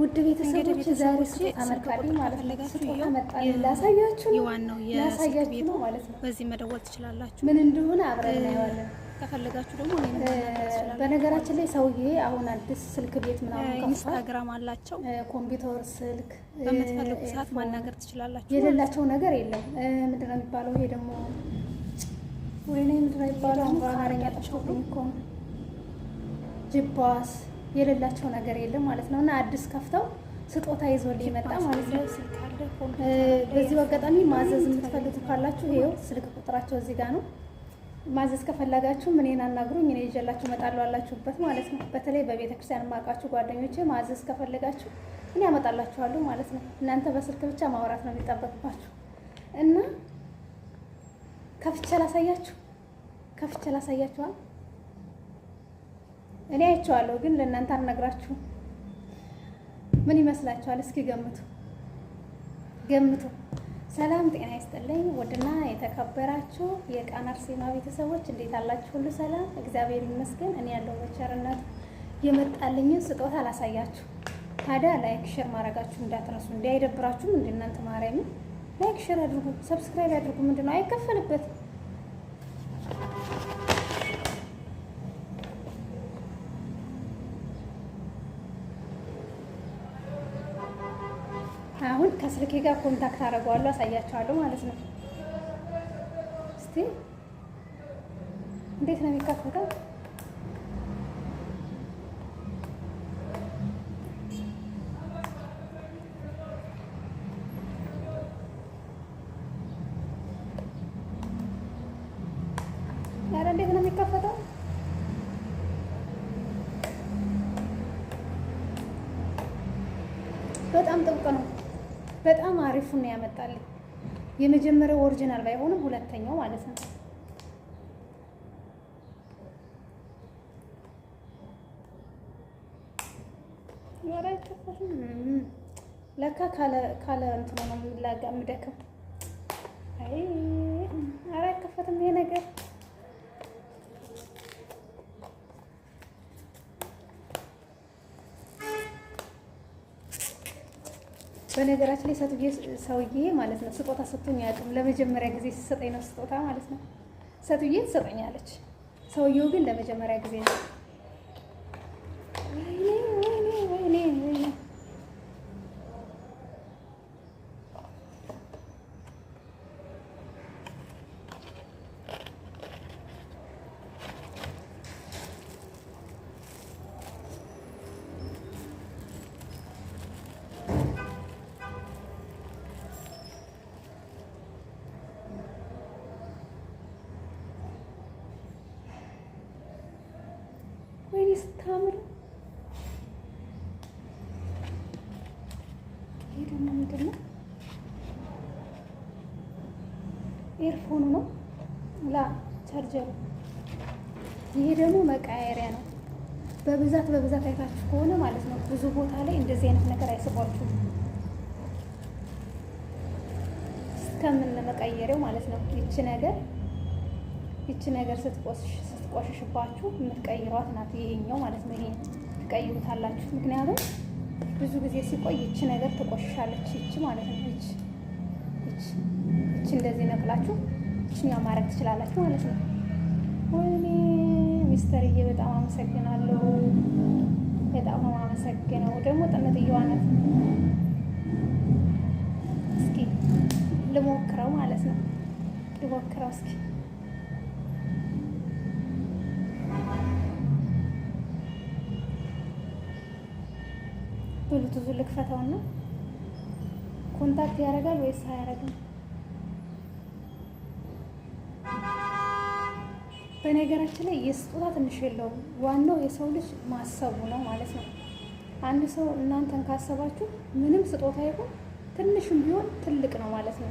ውድ ቤተሰቦች ዛሬ ስጦታ መርካሪ ማለት ነው። ላሳያችሁ ነው ላሳያችሁ ነው ማለት ነው። በዚህ መደወል ትችላላችሁ። ምን እንደሆነ አብረን እናየዋለን። ከፈለጋችሁ ደግሞ በነገራችን ላይ ሰውዬ አሁን አዲስ ስልክ ቤት ምናምን ኢንስታግራም አላቸው፣ ኮምፒውተር፣ ስልክ በምትፈልጉ ሰዓት ማናገር ትችላላችሁ። የሌላቸው ነገር የለም። ምንድን ነው የሚባለው? ይሄ ደግሞ ወይኔ ምንድን ነው የሚባለው? አማርኛ ጠፋብኝ እኮ ጅባስ የሌላቸው ነገር የለም ማለት ነው እና አዲስ ከፍተው ስጦታ ይዞልኝ መጣ ማለት ነው። በዚሁ አጋጣሚ ማዘዝ የምትፈልጉ ካላችሁ ይኸው ስልክ ቁጥራቸው እዚህ ጋር ነው። ማዘዝ ከፈለጋችሁ እኔን አናግሩኝ፣ እኔ ይዤላችሁ እመጣለሁ አላችሁበት ማለት ነው። በተለይ በቤተ ክርስቲያን የማውቃችሁ ጓደኞቼ ማዘዝ ከፈለጋችሁ እኔ አመጣላችኋለሁ ማለት ነው። እናንተ በስልክ ብቻ ማውራት ነው የሚጠበቅባችሁ እና ከፍቼ ላሳያችሁ፣ ከፍቼ ላሳያችኋል እኔ አይቼዋለሁ፣ ግን ለእናንተ አልነግራችሁም። ምን ይመስላችኋል? እስኪ ገምቱ ገምቱ። ሰላም ጤና ይስጥልኝ። ውድና የተከበራችሁ የቃና አርሴማ ቤተሰቦች እንዴት አላችሁ? ሁሉ ሰላም? እግዚአብሔር ይመስገን። እኔ ያለው በቸርነቱ የመጣልኝን ስጦታ አላሳያችሁ። ታዲያ ላይክ ሼር ማድረጋችሁ እንዳትረሱ። እንዲህ አይደብራችሁም? እንደ እናንተ ማርያምን ላይክ ሼር አድርጉ፣ ሰብስክራይብ አድርጉ። ምንድን ነው አሁን ከስልኬ ጋር ኮንታክት አደርገዋለሁ አሳያቸዋለሁ ማለት ነው። እስቲ እንዴት ነው የሚከፈተው? ያለ እንዴት ነው የሚከፈተው? በጣም ጥብቅ ነው። በጣም አሪፉን ነው ያመጣልኝ። የመጀመሪያው ኦሪጂናል ባይሆንም ሁለተኛው ማለት ነው። ለካ ካለ እንትኑ ነው የሚላጋ የምደክም። አይ አይከፈትም ይሄ ነገር። በነገራችን ላይ ሰትዬ ሰውዬ ማለት ነው ስጦታ ሰጥቶኝ አያውቅም። ለመጀመሪያ ጊዜ ሲሰጠኝ ነው ስጦታ ማለት ነው። ሰትዬ ትሰጠኛለች። ሰውየው ግን ለመጀመሪያ ጊዜ ነው ስታምር ይሄ ደግሞ ምንድን ነው? ኤርፎኑ ነው ላ ቻርጀሩ። ይሄ ደግሞ መቀያየሪያ ነው። በብዛት በብዛት አይታችሁ ከሆነ ማለት ነው ብዙ ቦታ ላይ እንደዚህ አይነት ነገር አይስቧችሁም እስከምን መቀየሪያው ማለት ነው። ይቺ ነገር ይቺ ነገር ስትቆስሽ ስትቆሽሽባችሁ የምትቀይሯት ናት። ይሄኛው ማለት ነው። ይሄ ትቀይሩታላችሁ። ምክንያቱም ብዙ ጊዜ ሲቆይ ይቺ ነገር ትቆሽሻለች። ይቺ ማለት ነው። ይቺ ይቺ እንደዚህ ነቅላችሁ ይችኛው ማድረግ ትችላላችሁ ማለት ነው። ወይኔ ሚስተርዬ በጣም አመሰግናለሁ። በጣም አመሰግነው ደግሞ ጥምጥየዋ ናት። እስኪ ልሞክረው ማለት ነው። ልሞክረው እስኪ ብሉቱዙ ልክፈተውና ኮንታክት ያደርጋል ወይስ አያደርግም? በነገራችን ላይ የስጦታ ትንሽ የለውም። ዋናው የሰው ልጅ ማሰቡ ነው ማለት ነው። አንድ ሰው እናንተን ካሰባችሁ ምንም ስጦታ ይሁን ትንሽም ቢሆን ትልቅ ነው ማለት ነው።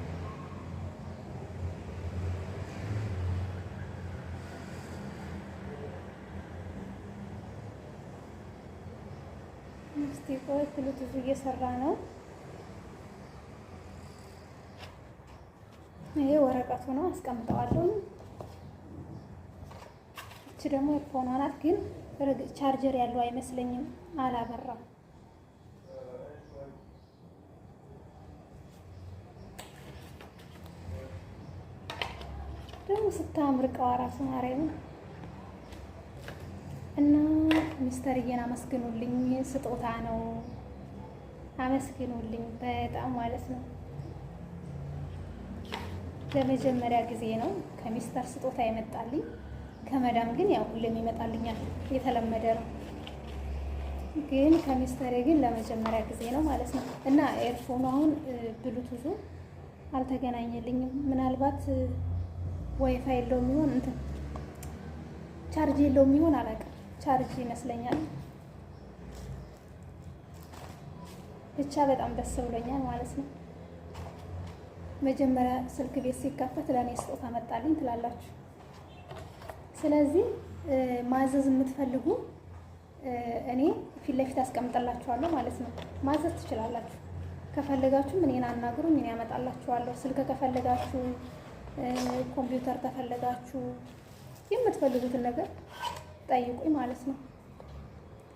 እስቲ ቆይ እየሰራ ነው። ይሄ ወረቀቱ ነው አስቀምጠዋለሁ። እቺ ደግሞ ፎኗ ናት፣ ግን ቻርጀር ያለው አይመስለኝም፣ አላበራም። ደግሞ ስታምር እቃዋ እራሱ ማርያምን እና ሚስተርዬን አመስግኑልኝ፣ ስጦታ ነው አመስግኑልኝ። በጣም ማለት ነው ለመጀመሪያ ጊዜ ነው ከሚስተር ስጦታ ይመጣልኝ ከመዳም ግን ያው ሁሌም ይመጣልኛል፣ የተለመደ ነው። ግን ከሚስተር ግን ለመጀመሪያ ጊዜ ነው ማለት ነው። እና ኤርፎኑ አሁን ብሉቱዙ አልተገናኘልኝም። ምናልባት ዋይፋይ የለውም ይሆን እንትን ቻርጅ የለውም ይሆን አላውቅም። ቻርጅ ይመስለኛል። ብቻ በጣም ደስ ብሎኛል ማለት ነው። መጀመሪያ ስልክ ቤት ሲከፈት ለእኔ ስጦታ መጣልኝ ትላላችሁ። ስለዚህ ማዘዝ የምትፈልጉ እኔ ፊት ለፊት አስቀምጥላችኋለሁ ማለት ነው። ማዘዝ ትችላላችሁ። ከፈለጋችሁ እኔን አናግሩኝ፣ እኔ ያመጣላችኋለሁ። ስልክ ከፈለጋችሁ፣ ኮምፒውተር ከፈለጋችሁ የምትፈልጉትን ነገር ጠይቁኝ ማለት ነው።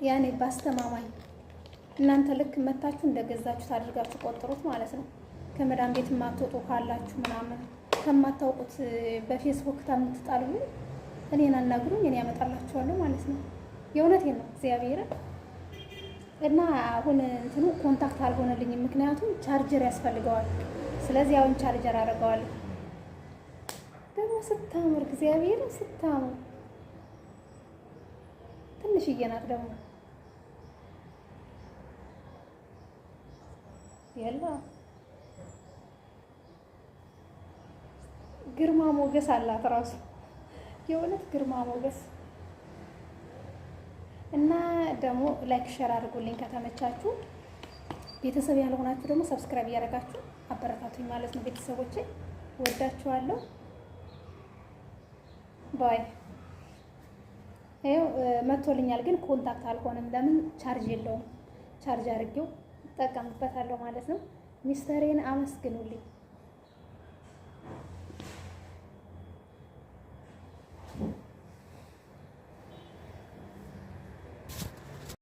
ያኔ በአስተማማኝ እናንተ ልክ መታችሁ እንደገዛችሁት አድርጋችሁ ቆጥሩት ማለት ነው። ከመዳን ቤት የማትወጡ ካላችሁ ምናምን ከማታውቁት በፌስቡክ ከምትጣሉ እኔን አናግሩኝ፣ እኔ ያመጣላችኋለሁ ማለት ነው። የእውነቴ ነው እግዚአብሔር እና አሁን እንትኑ ኮንታክት አልሆነልኝም፣ ምክንያቱም ቻርጀር ያስፈልገዋል። ስለዚህ አሁን ቻርጀር አድርገዋለሁ ደግሞ ስታምር እግዚአብሔር ስታምር ትንሽዬ ናት ደግሞ የለ ግርማ ሞገስ አላት ራሱ የእውነት ግርማ ሞገስ እና ደግሞ ላይክ ሼር አድርጉልኝ ከተመቻችሁ። ቤተሰብ ያልሆናችሁ ደግሞ ሰብስክራይብ እያደረጋችሁ አበረታቱኝ ማለት ነው። ቤተሰቦቼ ወዳችኋለሁ። ባይ ይኸው መቶልኛል፣ ግን ኮንታክት አልሆነም። ለምን ቻርጅ የለውም። ቻርጅ አድርጌው እጠቀምበታለሁ ማለት ነው። ሚስተሬን አመስግኑልኝ።